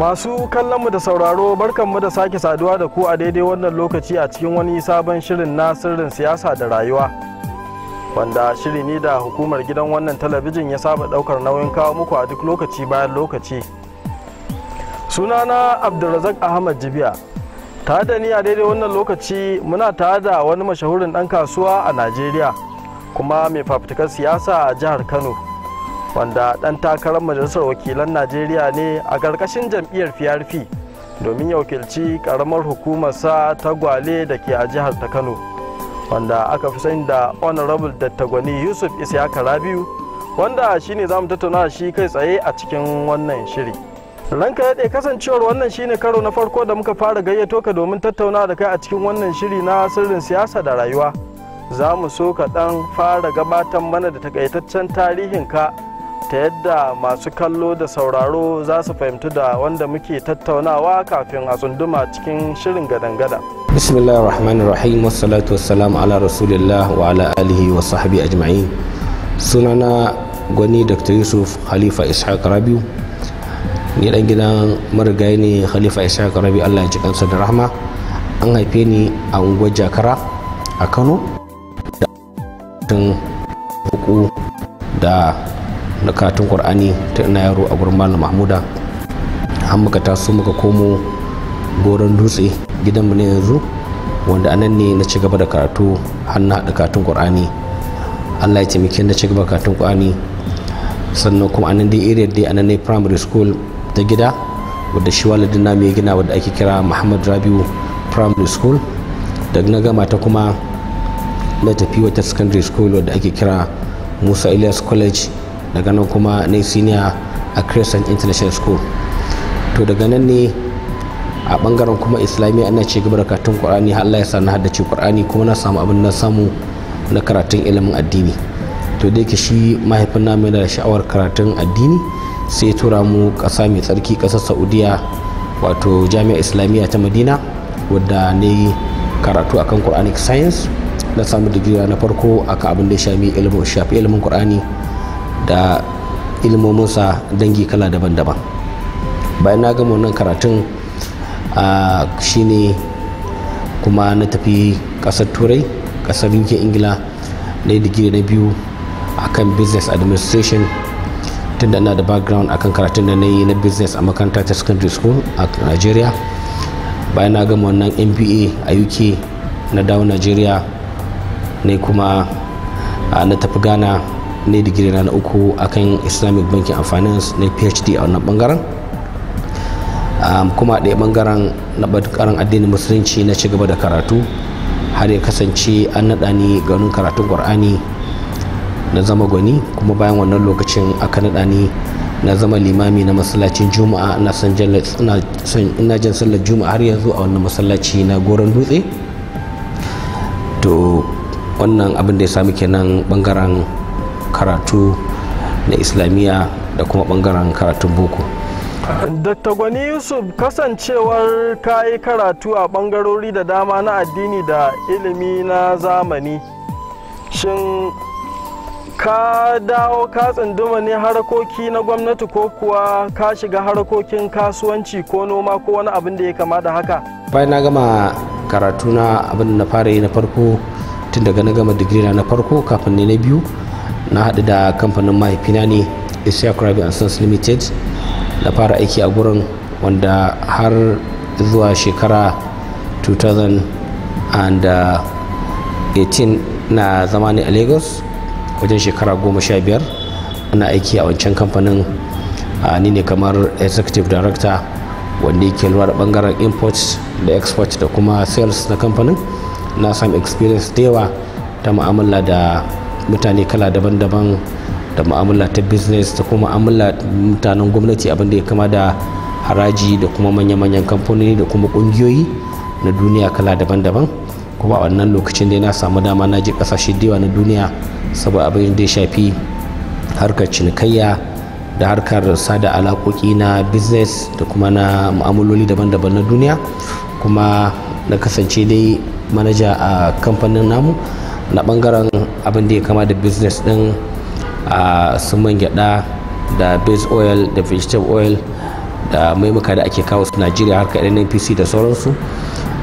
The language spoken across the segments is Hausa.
Masu kallonmu da sauraro barkanmu da sake saduwa da ku a daidai wannan lokaci a cikin wani sabon shirin na sirrin siyasa da rayuwa. Wanda shiri ne da hukumar gidan wannan talabijin ya saba daukar nauyin kawo muku a duk lokaci bayan lokaci. Sunana Abdulrazak Ahmad Jibia, Tare da ni a daidai wannan lokaci muna tare da wani mashahurin dan kasuwa a Najeriya kuma mai fafutukar siyasa a jihar Kano. wanda dan takarar majalisar wakilan najeriya ne a ƙarƙashin jam'iyyar prp domin ya wakilci ƙaramar hukumarsa ta gwale da ke a jihar ta kano wanda aka fi sani da honorable tagwani yusuf isyaka rabiu wanda shine za mu tattauna shi kai tsaye a cikin wannan shiri ranka ya kasancewar wannan shine karo na farko da muka fara gayyato ka domin tattauna da kai a cikin wannan shiri na sirrin siyasa da rayuwa za mu so ka ɗan fara gabatar mana da takaitaccen ka. ta yadda masu kallo da sauraro za su fahimci da wanda muke tattaunawa kafin a tsunduma cikin shirin gadangada. gadan bismillahir rahmanir rahim wasu wassalamu ala rasulillah wa ala alihi wa sahbi ajma'in sunana gwani dr yusuf khalifa ishaq rabiu ni dan gidan marigayi ne khalifa ishaq rabiu allah ya ji kansa da rahma an haife ni a unguwar jakara a kano da da na karatun ƙwar'ani ta ina yaro a gurin malam mahmuda an muka taso muka komo goron dutse gidanmu ne yanzu wanda anan ne na ci gaba da karatu har na haɗa katun qur'ani allah ya taimake na ci gaba katun qur'ani sannan kuma anan dai iri dai anan ne primary school ta gida wadda shi walidin namu ya gina wadda ake kira muhammad rabiu primary school da na gama ta kuma na tafi wata secondary school wadda ake kira musa ilias college daga nan kuma na senior a christian international school to daga nan ne a bangaren kuma islamiyya ana ce gaba da katun kur'ani har Allah ya sa na haddace kur'ani kuma na samu abin na samu na karatun ilimin addini to da yake shi mahaifin na mai da sha'awar karatun addini sai tura mu ƙasa mai tsarki ƙasar saudiya wato jami'a islamiyya ta madina wadda ne karatu akan kurani science na samu digiri na farko akan abin da ya shafi ilimin kur'ani da ilmominsa dangi kala daban-daban bayan na gama wannan karatun shine kuma na tafi kasar turai kasar yankin ingila na yi digiri na biyu a kan business administration tunda ina da background kan karatun da na yi na business a makaranta ta secondary school a nigeria bayan na gama wannan mba a uk na dawo nigeria ne kuma na tafi ghana ne digiri na uku kan islamic banking and finance na phd a wannan bangaren kuma ɗaya bangaren na bangaren addinin musulunci na ci gaba da karatu har ya kasance an naɗa ni ganin karatun ƙwar'ani na zama gwani kuma bayan wannan lokacin aka naɗa ni na zama limami na masallacin juma'a ina son ina jan sallar juma'a har yanzu a wannan masallaci na goron dutse to wannan abin da ya sami kenan bangaren karatu na islamiyya da kuma bangaren karatun boko Dr. Gwani Yusuf kasancewar ka yi karatu a bangarori da dama na addini da ilimi na zamani. Shin ka dawo ka tsunduma ne harakoki na gwamnati ko kuwa ka shiga harakokin kasuwanci ko noma ko wani abin da ya kama da haka? Bayan na gama karatu na abin na fara yi na farko tun daga na gama digiri na farko kafin ne na biyu na haɗu da kamfanin mahaifina ne asia crabbe and sons limited na fara aiki a gurin wanda har zuwa shekara 2018 na zama ne a lagos wajen shekara goma sha biyar ana aiki a wancan kamfanin ni ne kamar executive director wanda yake lura da bangaren import da export da kuma sales na kamfanin na sami experience da yawa ta mu'amala da mutane kala daban-daban da mu'amala ta business da kuma mu'amala mutanen gwamnati abinda ya kama da haraji da kuma manya-manyan kamfanoni da kuma kungiyoyi na duniya kala daban-daban kuma a wannan lokacin da na samu dama na ji kasashe da na duniya saboda abin da ya shafi harkar cinikayya da harkar sada alaƙoƙi na business da kuma na mu'amaloli daban-daban na duniya kuma na kasance dai manaja a kamfanin namu na bangaren abin da ya kama da business din a suman gyada da base oil da vegetable oil da maimaka da ake kawo su nigeria harka nnpc da sauransu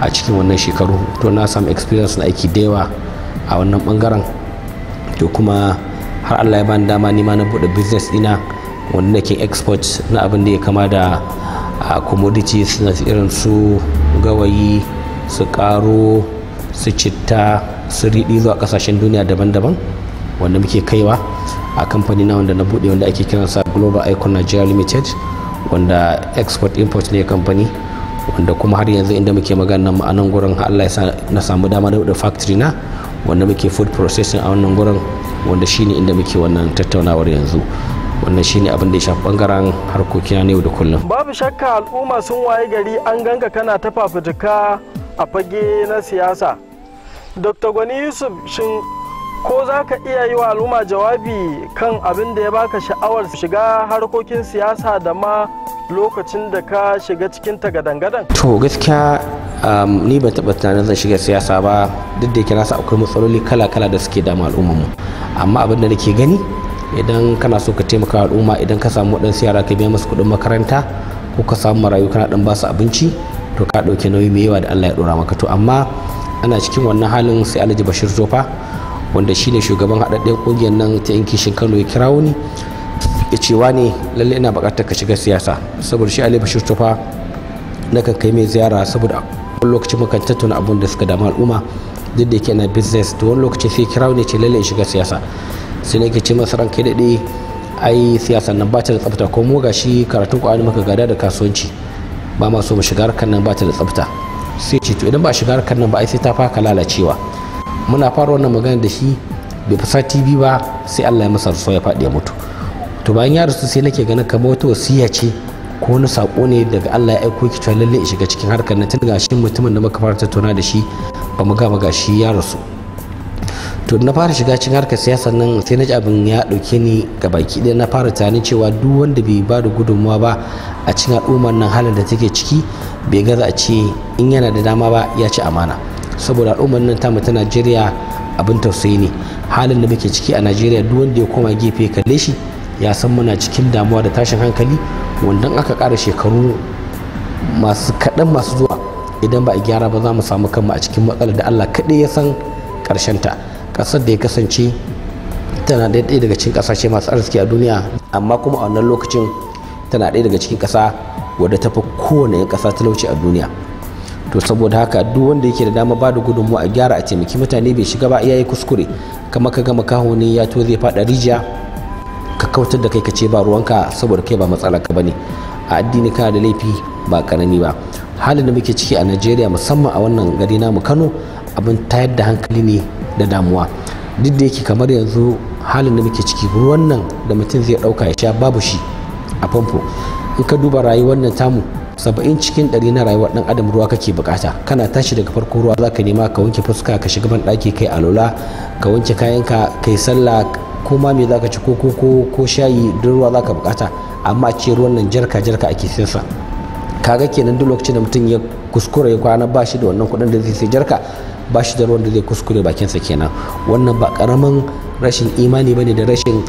a cikin wannan shekaru to na samu experience na aiki da yawa a wannan bangaren to kuma har allah ya bani dama nima na bude business dina wanda ke export na abin da ya kama da commodities na irin su gawayi su karo su citta sun riɗi zuwa kasashen duniya daban-daban wanda muke kaiwa a kamfani na wanda na buɗe wanda ake sa global icon nigeria limited wanda export import ne kamfani wanda kuma har yanzu inda muke magana a nan gurin allah ya na samu dama da factory na wanda muke food processing a wannan gurin wanda shine inda muke wannan tattaunawar yanzu wannan shine abin da ya shafi bangaren harkokin na yau da kullum babu shakka al'umma sun waye gari an ganga kana ta fafutuka a fage na siyasa dr gwani yusuf shin ko za ka iya yi wa al'umma jawabi kan abin da ya baka sha'awar shiga harkokin siyasa da ma lokacin da ka shiga cikin tagadangadan to gaskiya um, ni ban taɓa tunanin zan shiga siyasa ba duk da yake nasa akwai matsaloli kala-kala da suke dama mu amma abin da nake gani idan kana so ka taimaka al'umma idan ka samu waɗansu yara ka biya musu kuɗin makaranta ko ka samu marayu kana ɗan basu abinci to ka ɗauki nauyi mai yawa da Allah ya ɗora maka to amma ana cikin wannan halin sai alhaji bashir zofa wanda ne shugaban haɗaɗɗen ƙungiyar nan ta yankin kishin kano ya kira wuni ya cewa ne lalle ina buƙatar ka shiga siyasa saboda shi alhaji bashir zofa na kan kai mai ziyara saboda wani lokaci mukan tattauna abun da suka damu al'umma duk da yake na business to wani lokaci sai kira ne ce lalle in shiga siyasa sai na ke ce masa kai daɗe ai siyasa nan ba ta da tsafta ko mu ga shi karatun ƙwayar muka gada da kasuwanci ba ma so mu shiga harkar nan ba ta da tsafta sai ce to idan ba shiga harkar nan ba sai ta faka lalacewa muna fara wannan magana da shi bai fasa tv ba sai allah ya masa rasuwa ya faɗi ya mutu to bayan ya rasu sai nake ganin kamar wata wasiya ce ko wani saƙo ne daga allah ya aiko ki lalle shiga cikin harkar nan tun ga shi mutumin da muka fara tattauna da shi ba mu gama ga shi ya rasu to na fara shiga cikin harkar siyasa nan sai na ji abin ya ɗauke ni ga baki ɗaya na fara tunanin cewa duk wanda bai ba da gudunmawa ba a cikin al'ummar nan halin da take ciki bai gaza a ce in yana da dama ba ya ci amana saboda al'ummar nan tamu ta najeriya abin tausayi ne halin da muke ciki a najeriya duk wanda ya koma gefe kalle shi ya san muna cikin damuwa da tashin hankali wanda aka kara shekaru masu kaɗan masu zuwa idan ba a gyara ba za mu samu kanmu a cikin matsalar da allah kaɗai ya san ta ƙasar da ya kasance tana ɗaya daga cikin ƙasashe masu arziki a duniya amma kuma a wannan lokacin tana ɗaya daga cikin ƙasa wadda ta fi kowane 'yan ƙasa talauci a duniya to saboda haka duk wanda yake da dama ba da gudunmu a gyara a taimaki mutane bai shiga ba yayi kuskure kamar ka gama kawo ne ya to zai faɗa rijiya ka kautar da kai ka ce ba ruwanka saboda kai ba matsala ka bane a addini kana da laifi ba karami ba halin da muke ciki a Najeriya musamman a wannan gari namu Kano abin tayar da hankali ne da damuwa duk da yake kamar yanzu halin da muke ciki ruwan nan da mutum zai ɗauka ya sha babu shi a famfo in ka duba rayuwar nan tamu saba'in cikin ɗari na rayuwar ɗan adam ruwa kake bukata kana tashi daga farko ruwa za ka nema ka wanke fuska ka shiga ban ɗaki kai alola ka wanke kayan ka kai sallah ko ma me za ka ci ko ko ko shayi duk ruwa za ka bukata amma ce ruwan nan jarka jarka ake sinsa kaga kenan duk lokacin da mutum ya kuskure ya kwana ba shi da wannan kuɗin da zai sai jarka ba shi da ruwan da zai kuskure bakinsa kenan wannan ba karamin rashin imani bane da rashin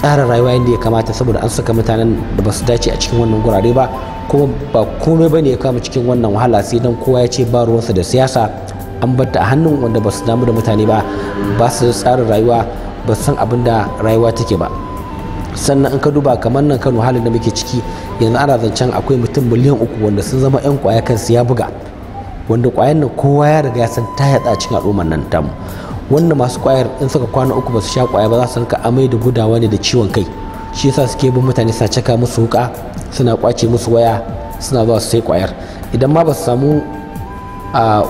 tsarin rayuwa yadda ya kamata saboda an saka mutanen da ba su dace a cikin wannan gurare ba kuma ba komai ba ne ya kama cikin wannan wahala sai dan kowa ya ce ba ruwansa da siyasa an batta a hannun wanda ba su damu da mutane ba ba su tsarin rayuwa ba san abin da rayuwa take ba sannan in ka duba kamar nan kano halin da muke ciki yanzu ana zancen akwai mutum miliyan uku wanda sun zama 'yan kwaya kansu ya buga wanda kwayan nan kowa ya riga ya san ta yatsa cikin al'ummar nan tamu wanda masu kwayar in suka kwana uku ba su sha kwaya ba za su rinka amai da gudawa ne da ciwon kai shi yasa suke bin mutane sa caka musu wuka suna kwace musu waya suna zuwa su sai kwayar idan ma ba su samu a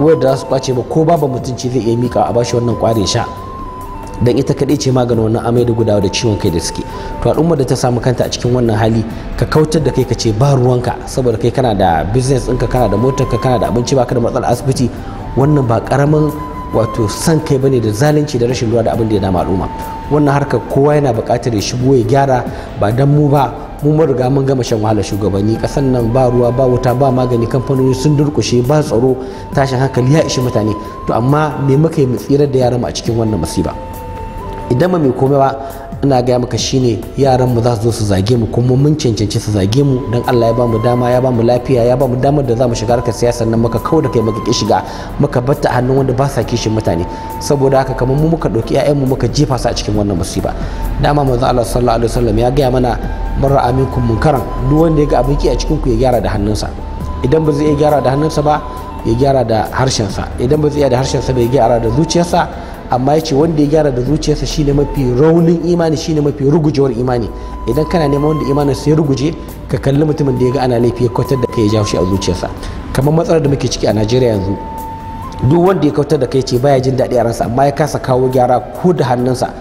wayar da za su kwace ba ko babu mutunci zai iya mika a bashi wannan kwarin sha dan ita kaɗai ce maganin wannan amai da gudawa da ciwon kai da suke to al'ummar da ta samu kanta a cikin wannan hali ka kautar da kai ka ce ba ruwanka saboda kai kana da business ɗinka kana da motarka kana da abinci ka da matsalar asibiti wannan ba karamin wato san kai bane da zalunci da rashin ruwa da abin da ya dama al'umma wannan harka kowa yana buƙatar ya shigo ya gyara ba dan mu ba mu mun riga mun gama shan wahala shugabanni kasan nan ba ruwa ba wuta ba magani kamfanoni sun durkushe ba tsaro tashin hankali ya ishi mutane to amma me muka yi mu da yaran mu a cikin wannan masiba idan ba mai komai ba ina gaya maka shine yaran mu za su zo su zage mu kuma mun cancanci su zage mu dan Allah ya ba mu dama ya ba mu lafiya ya ba mu damar da za mu shiga harkar siyasa nan maka kawo da kai maka ki shiga maka batta hannun wanda ba sa kishin mutane saboda haka kamar mu muka ɗauki mu muka jefa su a cikin wannan musiba dama manzo Allah sallallahu alaihi wasallam ya gaya mana barra aminkum munkaran duk wanda ya ga abin ki a cikin ku ya gyara da hannunsa idan ba zai iya gyara da hannunsa ba ya gyara da harshensa idan ba zai iya da harshensa ba ya gyara da zuciyarsa amma ya ce wanda ya gyara da zuciyarsa shine mafi raunin imani shine mafi rugujewar imani idan kana neman wanda imanin sai ruguje ka kalli mutumin da ya ga ana laifi ya kautar da kai ya jawo shi a zuciyarsa kamar matsalar da muke ciki a najeriya yanzu duk wanda ya kautar da kai ce baya jin daɗi a ransa amma ya kasa kawo gyara ko da hannunsa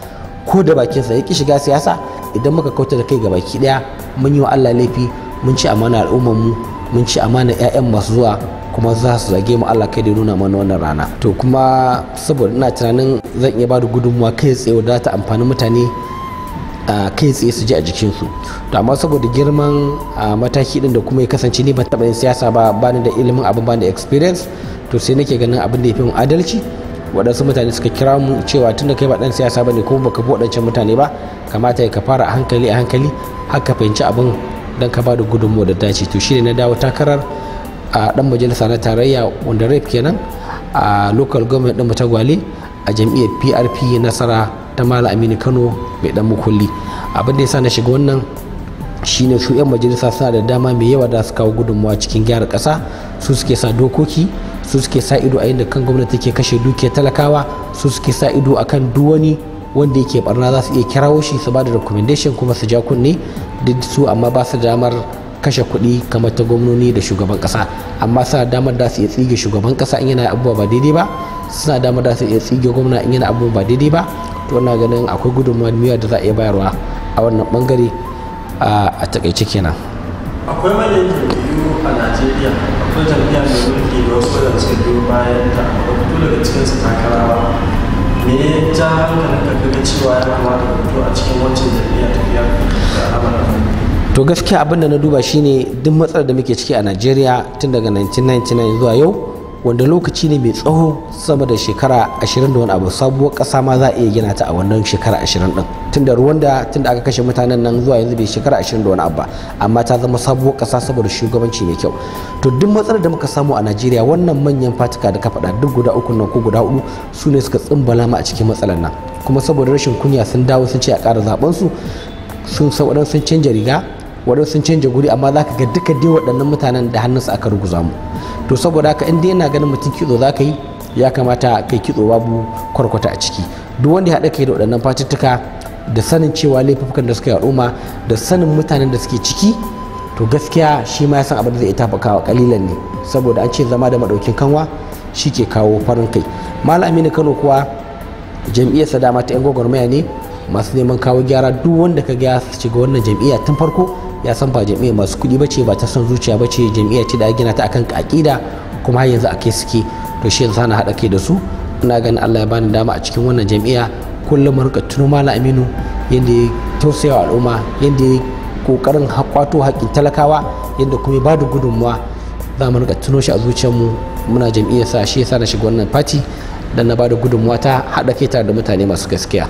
ko da bakinsa ya ki shiga siyasa idan muka kautar da kai ga baki ɗaya mun yi wa allah laifi mun ci amana al'ummar mu mun ci amana 'ya'yan masu zuwa kuma za su zage mu Allah kai da nuna mana wannan rana to kuma saboda ina tunanin zan iya bada gudunmuwa kai tsaye wadda ta amfani mutane kai tsaye su ji a jikinsu to amma saboda girman mataki din da kuma ya kasance ni ban taɓa yin siyasa ba bani da ilimin abin ba da experience to sai nake ganin abin da ya fi mu adalci waɗansu mutane suka kira mu cewa tunda kai ba ɗan siyasa ba ne kuma baka bi waɗancan mutane ba kamata ya ka fara a hankali a hankali har fahimci abin don ka ba da gudunmuwa da dace to shi ne na dawo takarar a dan majalisa na tarayya wanda rep kenan a local government din ta gwale a jam'iyyar prp nasara ta mala aminu kano mai dan mukulli abin da yasa na shiga wannan shine su 'yan majalisa suna da dama mai yawa da su kawo gudunmawa cikin gyara ƙasa su suke sa dokoki su suke sa ido a inda kan gwamnati take kashe dukiyar talakawa su suke sa ido akan duk wani wanda yake barna zasu iya kirawo shi su ba da recommendation kuma su ja kunne duk su amma ba su damar kashe kuɗi kamar ta gwamnoni da shugaban ƙasa amma suna damar da su iya tsige shugaban ƙasa in yana abubuwa ba daidai ba suna damar da su iya tsige gwamna in yana abubuwa ba daidai ba to wannan ganin akwai gudunmawar miya da za a iya bayarwa a wannan bangare a takaice kenan akwai manyan jam'iyyu a najeriya akwai jam'iyya mai mulki da wasu da suka biyo bayan ta akwai daga cikinsu takarawa me ya ja hankalin ka kaga cewa ya kamata ka fito a cikin wancan jam'iyya biya. to gaskiya abin da na duba shine duk matsalar da muke ciki a najeriya tun daga 1999 zuwa yau wanda lokaci ne mai tsawo sama da shekara 20 da wani abu sabuwar kasa ma za a iya gina ta a wannan shekara 20 din tun da ruwan da tun da aka kashe mutanen nan zuwa yanzu bai shekara 20 da wani abu amma ta zama sabuwar kasa saboda shugabanci mai kyau to duk matsalar da muka samu a Najeriya wannan manyan fatuka da ka faɗa duk guda uku nan ko guda hudu su ne suka tsimbala mu a cikin matsalar nan kuma saboda rashin kunya sun dawo sun ce a ƙara zaben su sun sauran sun canja riga waɗansu sun canja guri amma za ka ga duka dai waɗannan mutanen da hannunsu aka ruguza mu to saboda haka in dai yana ganin mutum kitso za ka yi ya kamata kai kitso babu kwarkwata a ciki duk wanda ya haɗa kai da waɗannan fatattuka da sanin cewa laifukan da suka yi al'umma da sanin mutanen da suke ciki to gaskiya shi ma ya san abin da zai tafakawa kalilan ne saboda an ce zama da maɗaukin kanwa shi ke kawo farin kai malam aminu kano kuwa jam'iyyar dama ta 'yan gwagwarmaya ne masu neman kawo gyara duk wanda ka ga shiga wannan jam'iyya tun farko ya san ba jami'a masu kuɗi bace ba ta san zuciya ba ce jami'a ce da gina ta akan kaƙida kuma har yanzu akai suke to shi yanzu na haɗa kai da su ina ganin Allah ya bani dama a cikin wannan jami'a kullum mu rika tuno mala aminu yadda ya wa al'umma yadda ya kokarin hakwato haƙƙin talakawa yadda kuma ya bada gudunmuwa za mu rika tuno shi a zuciyarmu muna jam'iyyar sa shi yasa na shiga wannan fati dan na bada da gudunmuwa ta haɗa kai tare da mutane masu gaskiya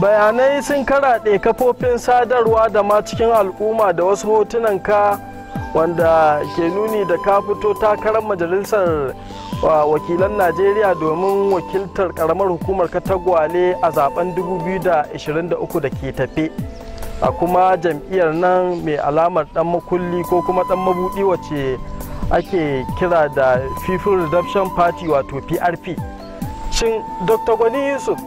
bayanai sun karaɗe kafofin sadarwa da ma cikin al'umma da wasu hotunan ka wanda ke nuni da ka fito takarar majalisar wakilan najeriya domin wakiltar karamar hukumar katagwale a zaben 2023 da ke tafe a kuma jam'iyyar nan mai alamar dan makulli ko kuma dan mabudi wacce ake kira da people redemption party wato prp shin dr gwani yusuf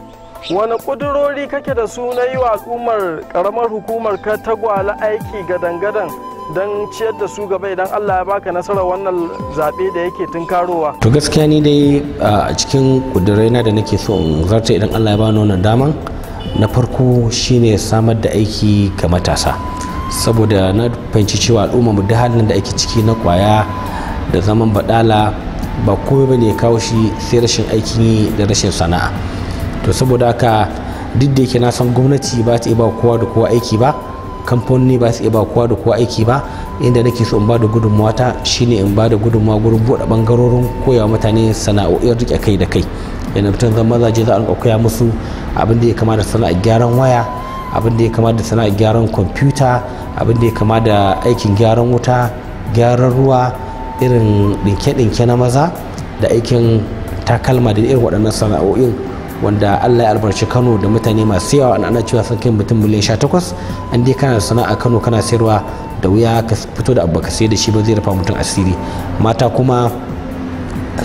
wani kudurori kake da su na yi wa al'ummar karamar hukumar ka gwala aiki gadan-gadan don ciyar da su gaba idan Allah ya baka nasarar wannan zaɓe da yake tun karowa. To gaskiya ni dai a cikin kudurai na da nake so in zarta idan Allah ya bani nuna daman na farko shine samar da aiki ga matasa saboda na fahimci cewa al'umma mu da halin da ake ciki na kwaya da zaman badala ba komai bane kawo shi sai rashin aiki da rashin sana'a. to saboda haka duk da yake na san gwamnati ba ta iya ba kowa da kowa aiki ba kamfani ba su iya ba kowa da kowa aiki ba inda nake so in ba da gudunmawa ta shine in ba da gudunmawa gurin buɗe bangarorin koya mutane sana'o'in rike kai da kai yana fitan zan je za a koya musu abin da ya kama da sana'a gyaran waya abin da ya kama da sana'a gyaran kwamfuta abin da ya kama da aikin gyaran wuta gyaran ruwa irin ɗinke-ɗinke na maza da aikin takalma da irin waɗannan sana'o'in wanda allah ya albarci kano da mutane masu yawa an ana cewa sakin mutum miliyan 18 an dai kana sana'a kano kana sayarwa da wuya ka fito da abu ka sayar da shi ba zai rufa mutum asiri mata kuma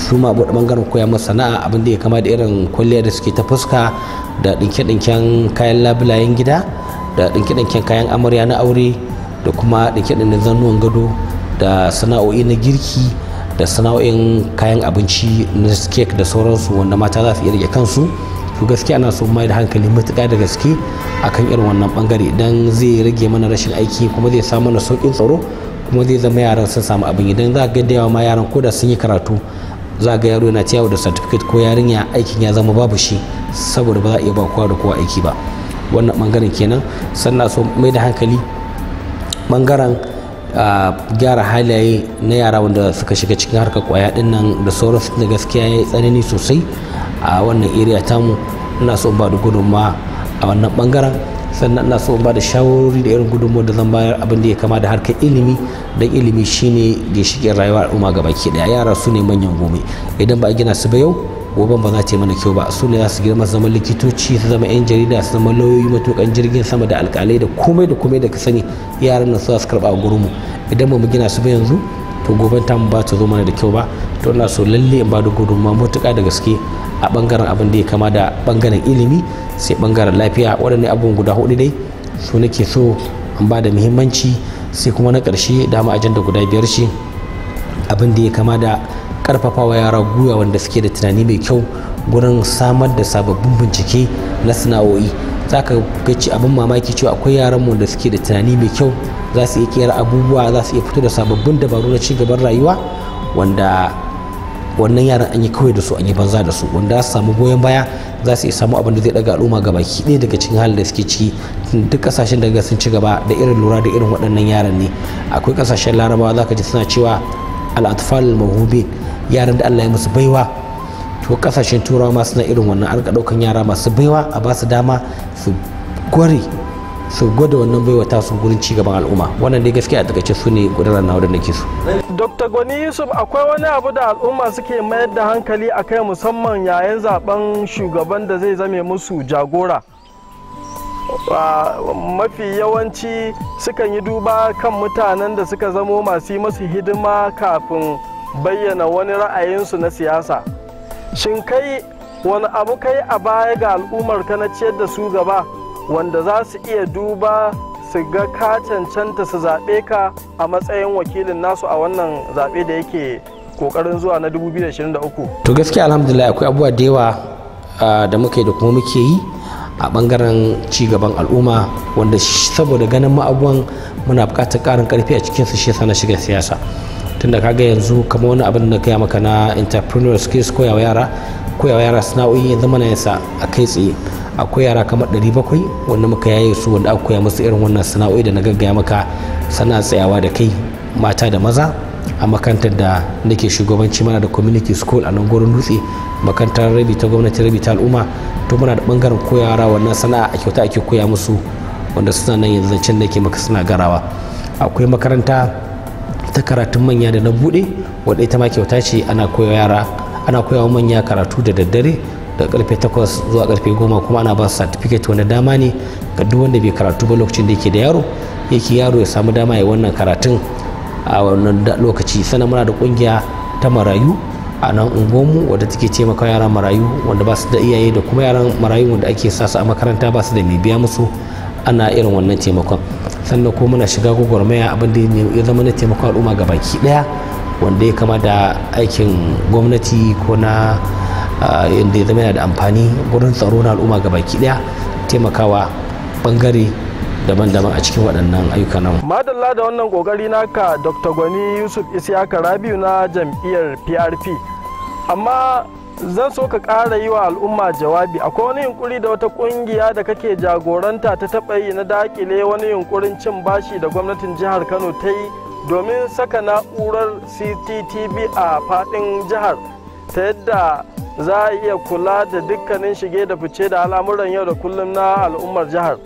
su ma bangaren koya masa sana'a abin da ya kama da irin kwalliya da suke ta fuska da dinke dinken kayan labulayen gida da dinke dinken kayan amarya na aure da kuma dinke-dinken zannuwan gado da sana'o'i na girki da sana'o'in kayan abinci na cake da sauransu wanda mata za su iya rike kansu to gaskiya ana so mai da hankali matuƙa da gaske akan irin wannan bangare idan zai rage mana rashin aiki kuma zai samu na sauƙin tsaro kuma zai zama yaran sun samu abin idan za ga da yawa ma yaran ko da sun yi karatu za ga yaro yana ciyawa da certificate ko yarinya aikin ya zama babu shi saboda ba za a iya ba kowa da kowa aiki ba wannan bangaren kenan sannan so mai da hankali bangaren gyara halaye na yara wanda suka shiga cikin harkar kwaya din nan da sauransu da gaskiya ya yi tsanani sosai a wannan area tamu ina so ba da gudunma a wannan bangaren sannan ina so ba da shawarori da irin gudunmu da zan bayar abin da ya kama da harkar ilimi don ilimi shine ginshiƙin rayuwar al'umma gabaki daya yara su ne manyan gobe idan ba a gina su ba yau gobe ba za ta yi mana kyau ba su ne za su girma zama likitoci su zama 'yan jarida su zama lauyoyi matukan jirgin sama da alkalai da komai da komai da ka sani yaran nan su za su karba a gurinmu idan ba mu gina su ba yanzu to goban ta mu ba ta zo mana da kyau ba to ina so lalle in ba da gudunma matuƙa da gaske a bangaren abin da ya kama da bangaren ilimi sai bangaren lafiya waɗannan abubuwan guda hudu dai su nake so an ba da muhimmanci sai kuma na ƙarshe dama ajanda guda biyar ce abin da ya kama da karfafawa yara gwiwa wanda suke da tunani mai kyau gurin samar da sababbin bincike na sana'o'i za ka gaci abin mamaki cewa akwai yaran mu da suke da tunani mai kyau za su iya kera abubuwa za su iya fito da sababbin dabaru na cigaban rayuwa wanda wannan yaran an yi kawai da su an yi banza da su wanda su samu goyon baya za su iya samu abin da zai daga al'umma gaba ki ɗaya daga cikin halin da suke ciki duk kasashen daga sun ci gaba da irin lura da irin waɗannan yaran ne akwai kasashen larabawa za ka ji suna cewa al'atfal mahubin yaran da Allah ya musu baiwa to kasashen turawa ma suna irin wannan arka daukan yara masu baiwa a ba su dama su gware su gwada wannan baiwa ta su gurin cigaban al'umma wannan dai gaskiya a takaice su ne gudanar na wadanda ke su. dr gwani yusuf akwai wani abu da al'umma suke mayar da hankali a kai musamman yayin zaben shugaban da zai zame musu jagora mafi yawanci sukan yi duba kan mutanen da suka zamo masu yi masu hidima kafin bayyana wani ra'ayinsu na siyasa shin kai wani abu kai a baya ga al'ummar ka na ciyar da su gaba wanda za su iya duba su ga ka cancanta su zaɓe ka a matsayin wakilin nasu a wannan zaɓe da yake kokarin zuwa na 2023 to gaskiya alhamdulillah akwai abubuwa da yawa da muke da kuma muke yi a bangaren cigaban al'umma wanda saboda ganin ma'abuwan muna bukatar ƙarin karfi a cikinsu shi yasa na shiga siyasa tunda kaga yanzu kamar wani abin da kai maka na entrepreneur skills koyawa yara yara sana'o'i ya zama na a kai tsaye akwai yara kamar 700 wanda muka yaye su wanda aka koya musu irin wannan sana'o'i da na gaggaya maka sana tsayawa da kai mata da maza a makantar da nake shugabanci mana da community school a nan gurin dutse makantar rabi ta gwamnati rabi ta al'umma to muna da bangaren koya yara wannan sana'a a kyauta ake koya musu wanda suna nan yanzu can nake maka suna garawa akwai makaranta ta karatun manya da na buɗe wadda ita ma kyauta ce ana koya yara ana koya wa manya karatu da daddare da karfe 8 zuwa karfe 10 kuma ana ba su certificate wanda dama ne ga duk wanda bai karatu ba lokacin da yake da yaro yake yaro ya samu dama ya wannan karatun a wannan lokaci sannan muna da kungiya ta marayu a nan unguwarmu wadda take taimaka yaran marayu wanda ba su da iyaye da kuma yaran marayu wanda ake sa a makaranta ba su da mai biya musu ana irin wannan taimakon sannan ko muna shiga gwagwarmaya abin da ya zama na taimakon al'umma ga baki daya wanda ya kama da aikin gwamnati ko na yadda ya zama yana da amfani gurin tsaro na al'umma ga baki daya taimakawa bangare daban-daban a cikin waɗannan ayyuka nan. madalla da wannan kokari naka dr gwani yusuf isyaka rabiu na jam'iyyar prp amma zan so ka ƙara yi wa al'umma jawabi akwai wani yunkuri da wata ƙungiya da kake jagoranta ta taɓa yi na dakile wani yunkurin cin bashi da gwamnatin jihar kano ta yi domin saka na'urar cctv a faɗin jihar ta yadda za a iya kula da dukkanin shige da fice da al'amuran yau da kullum na al'ummar jihar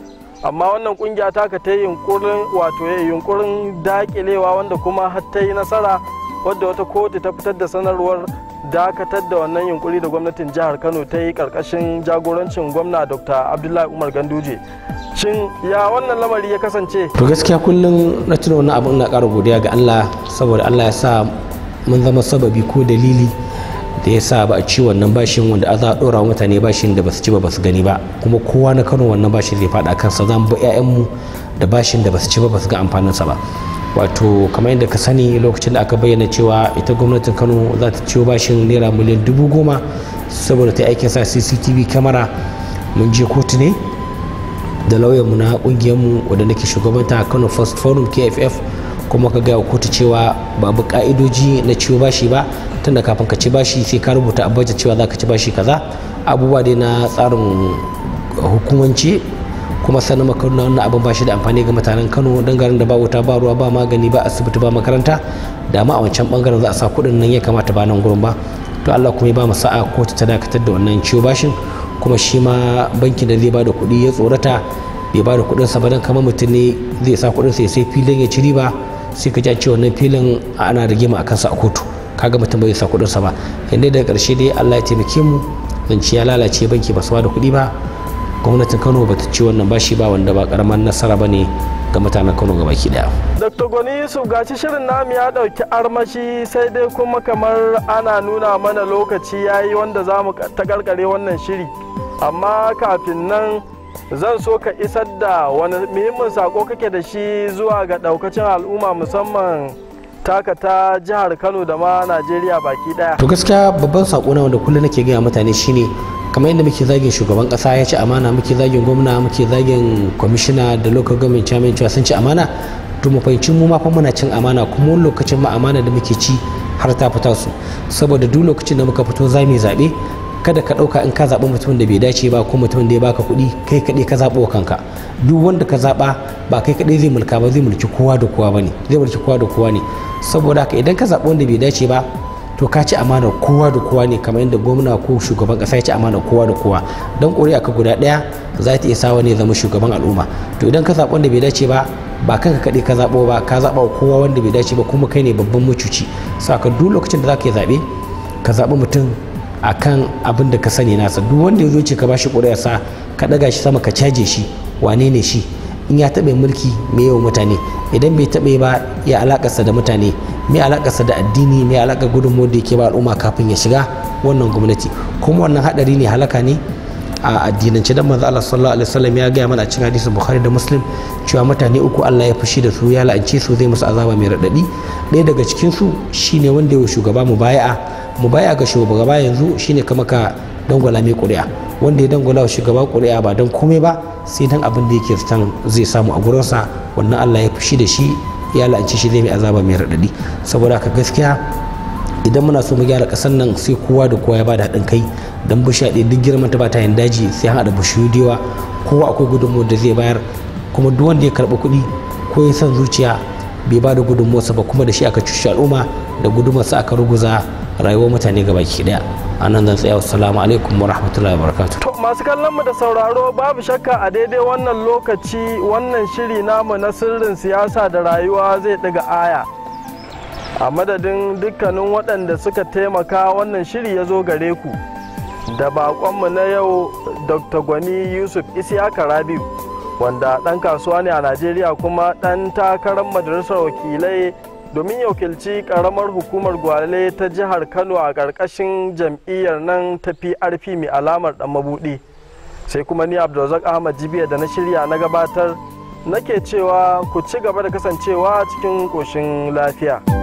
amma wannan kungiya ta ka ta yunkurin wato yunkurin dakilewa wanda kuma har ta yi nasara wadda wata kotu ta fitar da sanarwar dakatar da wannan yunkuri da gwamnatin jihar kano ta yi karkashin jagorancin gwamna dr abdullahi umar ganduje shin ya wannan lamari ya kasance to gaskiya kullum na tuna wannan abu na kara godiya ga allah saboda allah ya sa mun zama sababi ko dalili da ya sa ba a ci wannan bashin wanda a za a ɗora mutane bashin da basu ci ba basu gani ba kuma kowa na kano wannan bashin zai faɗa kansa zan ba 'ya'yanmu da bashin da basu ci ba basu ga amfaninsa ba wato kamar yadda ka sani lokacin da aka bayyana cewa ita gwamnatin kano za ta ciwo bashin naira miliyan dubu goma saboda ta aikin sa cctv kamara mun je kotu ne da lauyanmu na kungiyarmu wadda nake shugabanta kano first forum kff kuma ka gaya kotu cewa babu ka'idoji na ciwo bashi ba tunda kafin ka ci bashi sai ka rubuta a cewa za ka ci bashi kaza abubuwa dai na tsarin hukumanci kuma sanin makaruna wannan abin ba shi da amfani ga mutanen kano don garin da ba wuta ba ruwa ba magani ba asibiti ba makaranta da ma a wancan bangaren za a sa kuɗin nan ya kamata ba nan gurin ba to allah kuma ya ba mu sa'a ko ta dakatar da wannan ciwo bashin kuma shi ma banki da zai ba da kuɗi ya tsorata bai ba da kuɗin sa ba don kamar mutum ne zai sa kuɗin sa ya sai filin ya ci ba sai ka ji a ce wannan filin ana mu akan sa a kotu kaga mutum bai sa kuɗin sa ba inda daga ƙarshe dai allah ya taimake mu zance ya lalace banki ba su ba da kuɗi ba gwamnatin kano bata ta ci wannan bashi ba wanda ba karamar nasara ba ne ga mutanen kano gaba ki daya dr goni yusuf gashi shirin namu ya dauki armashi sai dai kuma kamar ana nuna mana lokaci yayi wanda zamu ta karkare wannan shiri amma kafin nan zan so ka isar da wani muhimmin sako kake da shi zuwa ga daukacin al'umma musamman taka ta jihar kano da ma najeriya baki daya to gaskiya babban sako na wanda kullum nake gaya mutane shine kamar yadda muke zagin shugaban kasa ya ci amana muke zagin gwamna muke zagin kwamishina da local government chairman cewa sun ci amana to mu fahimci mu ma fa muna cin amana kuma wani lokacin ma amana da muke ci har ta fita su saboda duk lokacin da muka fito za mu zaɓe kada ka ɗauka in ka zaɓi mutumin da bai dace ba ko mutumin da ya baka kuɗi kai kaɗai ka zaɓo kanka duk wanda ka zaɓa ba kai kaɗai zai mulka ba zai mulki kowa da kowa ba ne zai mulki kowa da kowa ne saboda haka idan ka zaɓi wanda bai dace ba to ka ci amanar kowa da kowa ne kamar yadda gwamna ko shugaban kasa ya ci amanar kowa da kowa don ƙuri'a ka guda ɗaya za ta iya sawa ne zama shugaban al'umma to idan ka zaɓi wanda bai dace ba ba kan ka kaɗai ka zaɓo ba ka zaɓa wa kowa wanda bai dace ba kuma kai ne babban sa ka duk lokacin da za ka yi zaɓe ka zaɓi mutum a kan abin da ka sani nasa duk wanda ya zo ce ka ba shi ƙuri'a sa ka ɗaga shi sama ka caje shi wane ne shi in ya taɓa mulki me yawa mutane idan bai taɓa ba ya alakarsa da mutane me alakarsa da addini me alakar gudunmawar da yake ba al'umma kafin ya shiga wannan gwamnati kuma wannan haɗari ne halaka ne a addinance dan maza Allah sallallahu alaihi wasallam ya gaya mana a cikin hadisin Bukhari da Muslim cewa mutane uku Allah ya fushi da su ya la'anci su zai musu azaba mai radadi ɗaya daga cikin su shine wanda ya shugaba mubaya'a mubaya'a ga shugaba yanzu shine kama ka dangwala mai ƙuri'a wanda ya dangwala wa shugaba ƙuri'a ba don komai ba sai dan abin da yake san zai samu a gurinsa wannan allah ya fushi da shi ya la'anci shi zai mai azaba mai raɗaɗi saboda haka gaskiya idan muna so mu gyara ƙasar nan sai kowa da kowa ya bada haɗin kai don bishiya ɗaya duk girman ta ba ta yin daji sai haɗa bishiyu da yawa kowa akwai gudunmawar da zai bayar kuma duk wanda ya karɓi kuɗi ko ya san zuciya bai ba da sa ba kuma da shi aka cuci al'umma da gudunmuwarsa aka ruguza rayuwar mutane gabaki ɗaya nan zan tsaya assalamu alaikum wa rahmatullahi wa barakatuh to masu kallon mu da sauraro babu shakka a daidai wannan lokaci wannan shiri namu na sirrin siyasa da rayuwa zai ɗaga aya a madadin dukkanin waɗanda suka taimaka wannan shiri ya zo gare ku da baƙonmu na yau dr gwani yusuf isiyaka rabiu wanda ɗan kasuwa ne a najeriya kuma ɗan takarar majalisar wakilai domin ya wakilci karamar hukumar gwale ta jihar kano a ƙarƙashin jam'iyyar nan ta prp mai alamar dan mabuɗi sai kuma ni abdulrazak ahmad jibiya da na shirya na gabatar nake cewa ku ci gaba da kasancewa cikin ƙoshin lafiya.